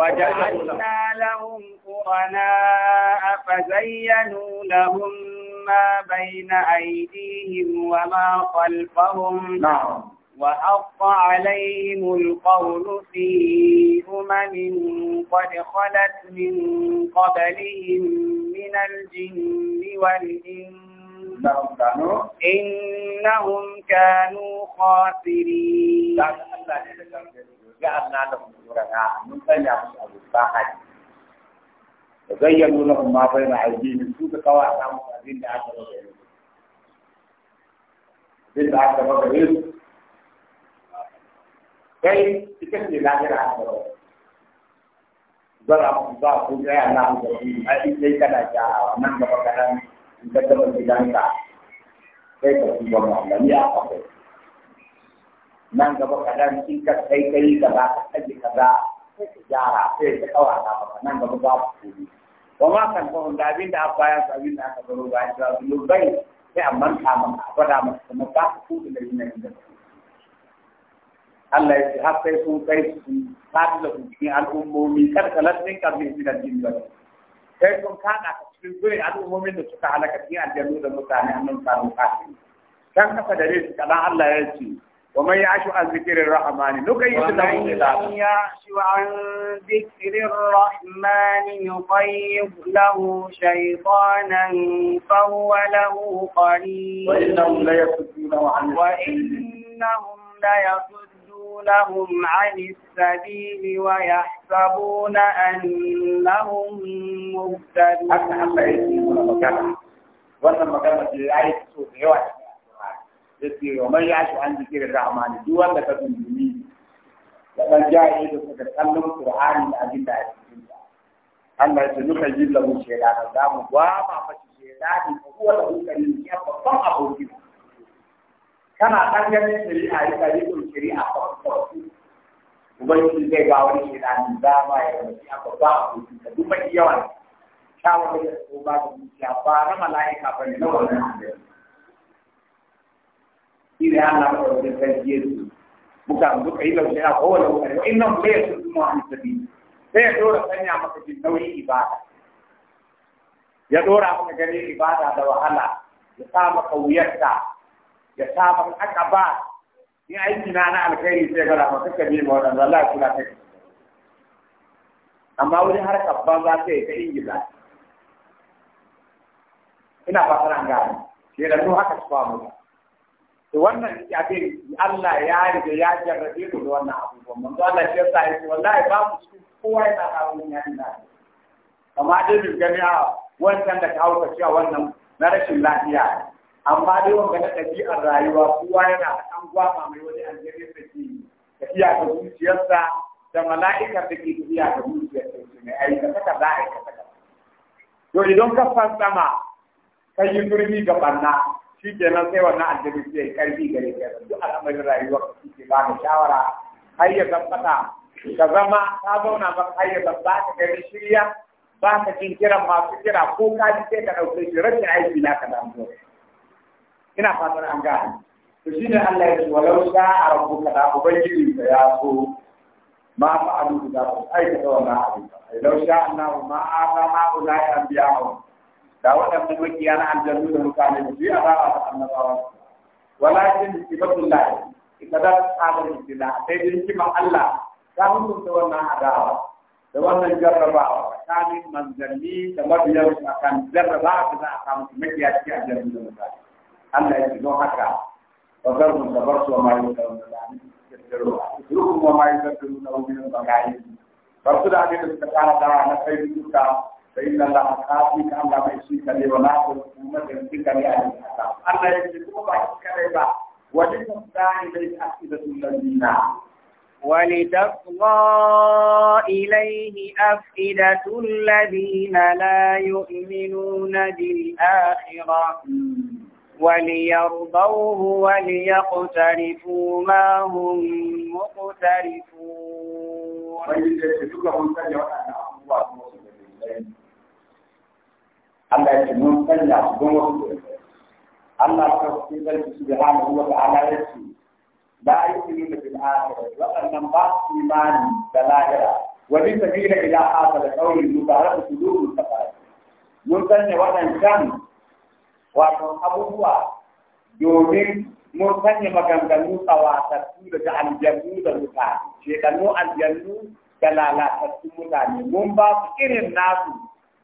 وجعلنا لهم قرناء فزينوا لهم ما بين أيديهم وما خلفهم نعم وحق عليهم القول في أمم قد خلت من قبلهم من الجن والإنس إنهم كانوا خاسرين جعلنا لهم شركاء من سنة أبو الصاحب وزينوا لهم ما بين أيديهم شو بقوا أحكام الدين لعشرة غيرهم دين لعشرة غيرهم كي تكفي لعشرة غيرهم ضرب الله في جاه الله جميل هذه ليس لك من بقى كلام تكتب البلاد كيف تكتب الله لا يعقل nan gaba kaɗan in ka kai kai ba ka kaji kaza sai ka gyara sai ka kawa ta maka nan gaba ba ku kuri wa ma kan fahim da abin da a bayan su abin da aka baro bayan su abin bai sai a manta maka a da maka kuma ba ku kuri da yanayin da ku Allah ya ce har sai sun kai su fadi da ku cikin al'ummomi kar ka lantin karbi su da jin ba sai sun kada ka cikin zuwa al'ummomin da suka halaka cikin aljanu da mutane annan samun kafin kan kafa da rai su Allah ya ce ومن يعش عن ذكر الرحمن نكيس له ومن يعش عن ذكر الرحمن نقيض له شيطانا فهو له قريب وإنهم ليصدونه عن ليصدونهم عن السبيل ويحسبون أنهم مهتدون. yake wa man ya shi an zikir rahmani duk wanda ka dundumi da dan jaye da suka kallon qur'ani da abin da ake cikin sa Allah ya nuka yi lahu shaytan da mu ba ma fashi shaytan ko wala hukari ya babban aboki kana dan ganin shari'a ya kare ku shari'a ko ubangiji zai ba wani shaytan da ma ya yi a babban aboki da duk mai yawa shawara da ko ba da ya fara mala'ika bane na wannan shi da Allah ko da sarki su buka duka yi lauje a kowane wuri wa innan bai su kuma an sabi sai ya dora sanya maka jin nauyi ibada ya dora maka gani ibada da wahala ya sa maka ya na na alkhairi sai gara maka kabi ma wannan Allah kula kai amma wani harkar banza sai ta ingila ina fatar an gane shi da haka su to wannan abin Allah ya riga ya jarrabe ku da wannan abubuwan manzo Allah ya sa yi wallahi ba mu kowa yana kawo ya ina amma dai bin gani a ah, wancan da ka cewa wannan na rashin lafiya amma dai wanga na ɗabi'ar rayuwa kowa yana da an gwama mai wani aljeri da ke tafiya da zuciyarsa da mala'ikar da ke tafiya da zuciyarsa su ne aikata kaza aikata kaza to idan ka fansama ka yi turmi ga ɓanna shi kenan sai wannan addini sai karfi gare ka duk al'amarin rayuwar ka ke ba da shawara har ya zambata ka zama ka zauna maka har ya zamba ka gani shirya ba ka jin kiran masu kira ko ka ji sai ka ɗauke shi rashin aiki na ka damu ina fatan an gane to shine Allah ya ce walau sha a rabbuka da ubangiji ka ya so ma fa'alu da aikata wannan abin walau sha Allahu ma a'ta ma ulai anbiya'u da waɗannan makiya na aljannu da mutane a yi adawa da annabawa walakin ibatullah ikadar tsarin ibtila sai din ma Allah ta hukunta wannan adawa da wannan jarrabawa tsakanin manzanni da mabiyansu akan jarrabawa da za a samu makiya cikin aljannu da mutane Allah ya ce don haka وذرهم تبرسوا وما يذكرون اتركهم وما يذكرون من البغايا فرسول عليه الصلاه والسلام قال تعالى خير duka. فإن الله خاطئك أن لا يشرك لي ولا تقوم بذلك لي أهل الحساب أن أفئدة الذين ولتصغى إليه أفئدة الذين لا يؤمنون بالآخرة وليرضوه وليقترفوا ما هم مقترفون. Allah ya ce mun sanya su don wasu Allah ta fi zalfi su da hana ruwa da ala ya ce ba a yi sinu da bil'akira waɗannan ba su imani da lahira wani sabila ila haka da ƙaurin mu tare da su duru ta mun sanya waɗancan wato abubuwa domin mun sanya maganganu tsawatattu ta aljannu da mutane shekannu aljannu da lalatattun mutane mun ba su irin nasu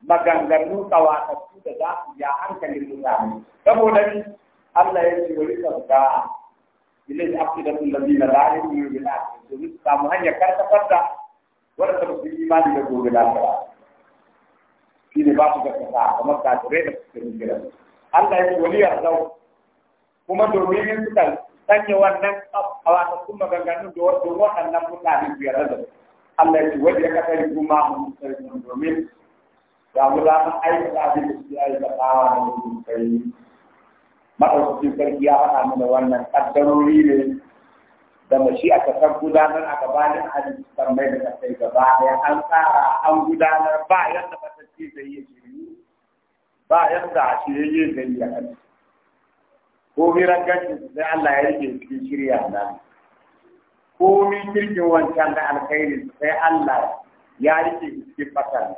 maganganu tsawatattu da za su ja hankalin mutane saboda ni Allah ya ce wani sauka ilai aqidatul ladina la yu'minuna bil akhirah domin su samu hanyar karkafar da wanda ba su yi imani da gobe lafiya shi ne ba su kasa kamar kafirai da suke ringira Allah ya ce wani yarzau kuma domin in suka sanya wannan tsawatattu maganganun da waɗannan mutane biyar da Allah ya ce wani ya kasar kuma mun sarki domin da su yi da kawa kai ya faɗa mana wannan ƙaddarori ne mashi a kasar gudanar a gabanin halittar mai da kasai gaba ya an tsara an gudanar ba yadda matacce zai yi shiri ba yadda a shirye zai yi a ko hirar gashi sai Allah ya rike cikin shirya na. Ko mi kirkin wancan da alkhairi sai Allah ya rike cikin fasali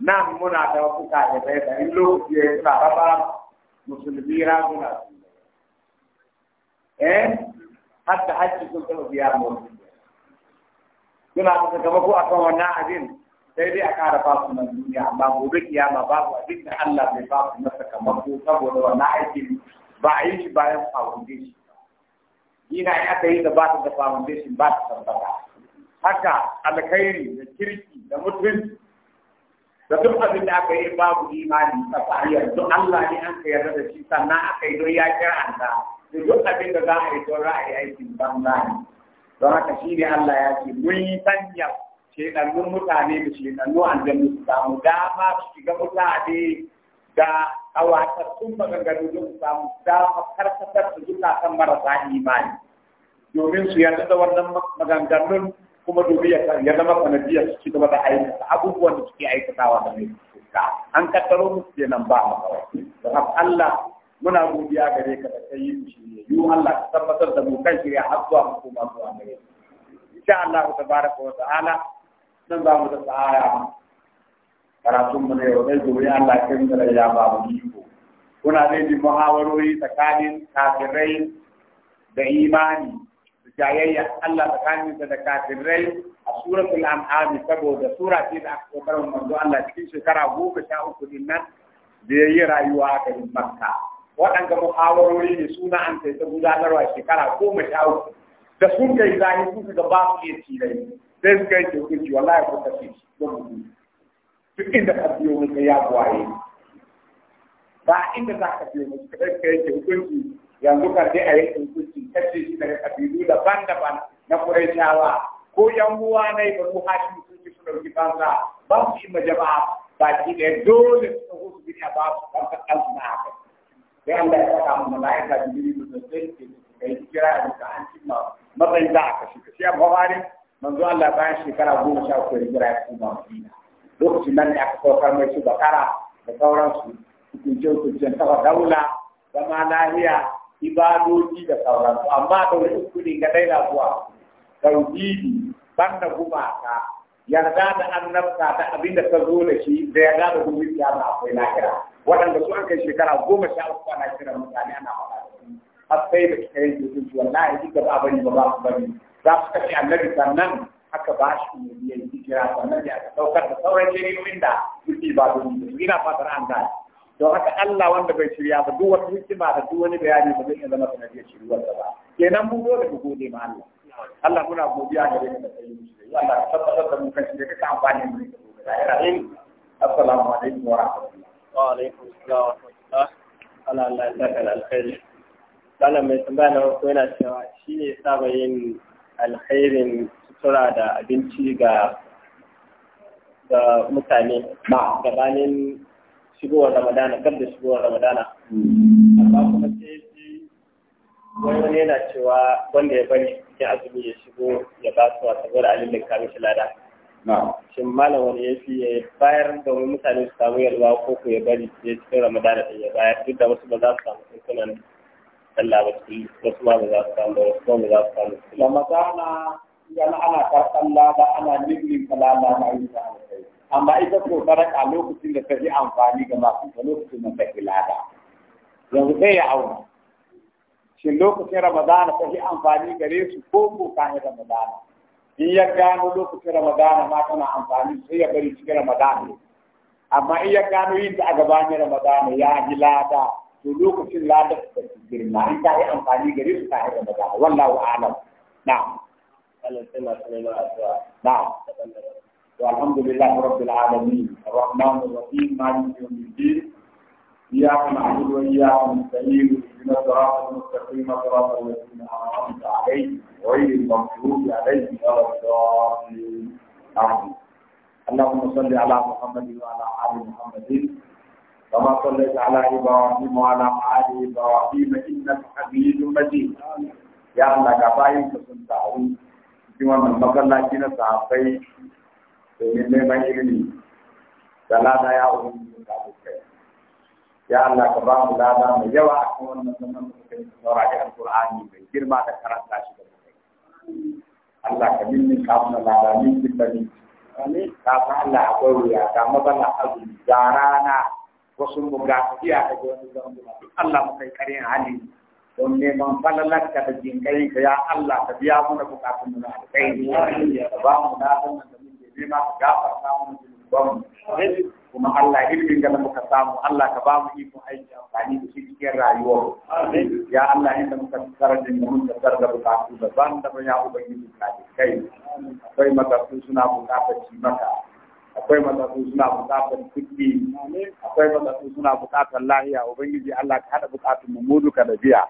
nan muna da wasu ɗalibai da in lokaci ya yi ba musulmi raguna su eh har hatta hajji sun taɓa biya mu suna da sakamako a kan wannan abin sai dai a ƙara ba na duniya amma gobe kiyama babu abin da Allah bai ba su na sakamako saboda wannan aikin ba a yi shi bayan foundation ina ya aka yi da ba ta da foundation ba ta tabbata haka alkhairi da kirki da mutunci da duk abin da aka yi babu imani ta fahiyar to Allah ne an ka yarda da shi sannan aka yi don ya kira an da duk abin da za a yi don ra'ayi aikin banza ne don haka shi ne Allah ya ce mun yi sanya shedannun mutane da shedannun aljannu su samu dama su shiga mutane da kawatattun maganganu don su samu dama karkatar su zukatan marasa imani domin su yarda da wannan maganganun kuma dubi ya zama sanadiyar su ci gaba da aikata abubuwan da suke aikatawa da mai suka an kaddaro musu kenan ba a kawai da Allah muna godiya gare ka da kai shi ne yu Allah ka tabbatar da mu kan shirya har zuwa mu koma zuwa gare insha Allah tabaraka wa ta'ala nan za mu da tsaya karatun mu ne yau dai Allah kai mu da ya ba mu iko kuna dai muhawarori tsakanin kafirai da imani jayayya Allah tsakaninsa da kafirai a suratul an'am saboda sura ce da aka kokar manzo Allah cikin shekara goma sha uku din nan da yayi rayuwa a garin Makka waɗanda muhawarori ne suna an sai ta gudanarwa shekara goma sha uku da sun kai zahi sun ga ba su iya tilai sai suka yi hukunci wallahi ko ta ce don mu duk inda ka biyo mu ya buwaye ba inda za ka biyo mu kai kai hukunci yanzu kan dai a yi hukunci kace shi daga kabilu daban-daban na Qurayshawa ko yan uwa na Banu hashi sun ci suna rubuta banza ba su yi ba baki ɗaya dole su taho su bin ba su banka kansu na haka sai an da ya saka mu mala'ika biyu da sai ke da yi kira a da an cimma matsayin za a kashe kashe a bawarin manzo Allah bayan shekara goma sha uku ya jira ya ci Madina lokacin nan ne aka saukar mai su bakara da sauransu hukunce hukuncen kafa daula zama lahiya ibadoji da sauransu amma da wani uku ne ga daina zuwa tauhidi banda gumaka yarda da annabta ta abin da zo da shi da yarda da gumi ya ma akwai lahira waɗanda su an kai shekara goma sha uku ana kira mutane ana faɗa har sai da kai yi su wallahi duk da ba bari ba ba su bari za su kashe annabi sannan aka ba shi ne ya yi kira sannan ya aka saukar da sauran jeriyoyin da suke ba da ina fatar an gane don haka Allah wanda bai shirya ba duk wata hikima da duk wani bayani ba zai zama sanadiyar shiruwar da ba kenan mun dole mu gode ma Allah Allah muna godiya gare ka da kai mu Allah ka tabbatar da mu kan shi da kake amfani da rahim assalamu alaikum wa rahmatullah wa alaikum assalam wa rahmatullah Allah Allah ya saka alkhairi kana mai tambaya na farko yana cewa shi ne saba yin alkhairin sutura da abinci ga ga mutane ba gabanin shigowar ramadana kan da shigowar ramadana amma kuma sai ji wani wani yana cewa wanda ya bari cikin azumi ya shigo ya ba su wasu gwada alin da kamin shi lada shin malam wani ya fi ya bayar domin mutane su samu yalwa ko ko ya bari ya cikin ramadana da ya bayar duk da wasu ba za su samu sunan sallah ba su wasu ma ba za su samu wasu kuma ba za su samu ramadana yana ana karɓar lada ana nufin kalama na yi amma ita ko raka lokacin da ta yi amfani ga masu ta lokacin da ta yi lada yanzu sai ya auna shin lokacin ramadana ta yi amfani gare su ko ko kayan ramadana in ya gano lokacin ramadana ma tana amfani sai ya bari cikin ramadana amma in ya gano yin ta a gabanin ramadana ya yi lada to lokacin lada ta girma in ta yi amfani gare su kayan ramadana wallahu alam na'am Allah sai na sanar da na'am والحمد لله رب العالمين الرحمن الرحيم مالك يوم الدين إياك نعبد وإياك نستعين اهدنا الصراط المستقيم صراط الذين أنعمت عليهم غير المغضوب عليهم ولا الضالين اللهم صل على محمد وعلى آل محمد كما صليت على إبراهيم وعلى آل إبراهيم إنك حميد مجيد يا الله كفاية سنتعوي في وانا مكان لكن صحابي domin neman ilimi da lada ya wuri da kai ya Allah ka ba mu lada mai yawa a kan wannan zaman da muka yi saura da alƙur'ani mai girma da karanta shi da muka Allah ka minni ka mu lada min kitabin amin ka fa Allah akwai wuya ka na azumi da rana wasu mu ga iya da wani zaman Allah mu kai karin hali don neman falalar ka da jinkai ka ya Allah ka biya mu da bukatun mu da alkhairi ba mu nan da wannan nema gafar samun mana zunuban kuma Allah ilimin da muka samu Allah ka ba mu ikon aiki amfani da shi cikin rayuwar ya Allah inda muka tsara da mun tsara da bukatu daban daban ya ubangiji ka kai akwai makasu suna bukatar ci maka akwai matsatsu suna buƙatar kuɗi akwai matsatsu suna buƙatar lahiya ubangiji Allah ka haɗa buƙatun mu mudu ka da biya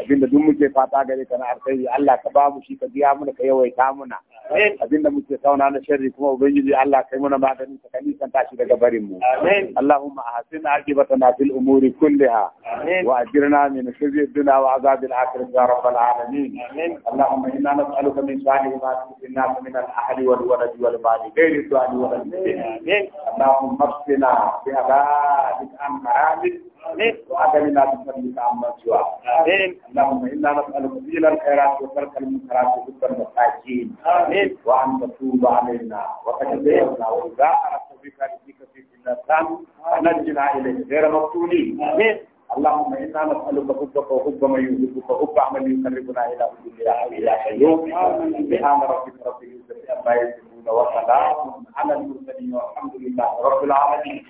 abinda duk muke fata gare ka na alkhairi Allah ka ba mu shi ka biya muna ka yawaita muna abinda muke sauna na sharri kuma ubangiji Allah kai muna maganin ka kani kan tashi daga barin mu Allahumma ahsin aqibatana fil umuri kulliha wa ajirna min khizyi dunya wa azab al akhirah ya rabbal alamin Allahumma inna nas'aluka min salihi ma tu'inna min al ahli wal walad wal mali ghairi su'ali اللهم اغفنا بهبائك عن حرامك وأدمنا بفضلك عما سواك اللهم إنا نسألك فعل الخيرات وترك المنكرات وحب المساكين وأن تتوب علينا وقد بينا وإذا أردت بك رزقك في جنة فنجنا إليك غير مفتونين اللهم انا نسالك حبك وحب من يحبك وحب عمل يقربنا الى حبك يا حي يا قيوم سبحان ربك رب العزه عما يصفون والسلام على المرسلين والحمد لله رب العالمين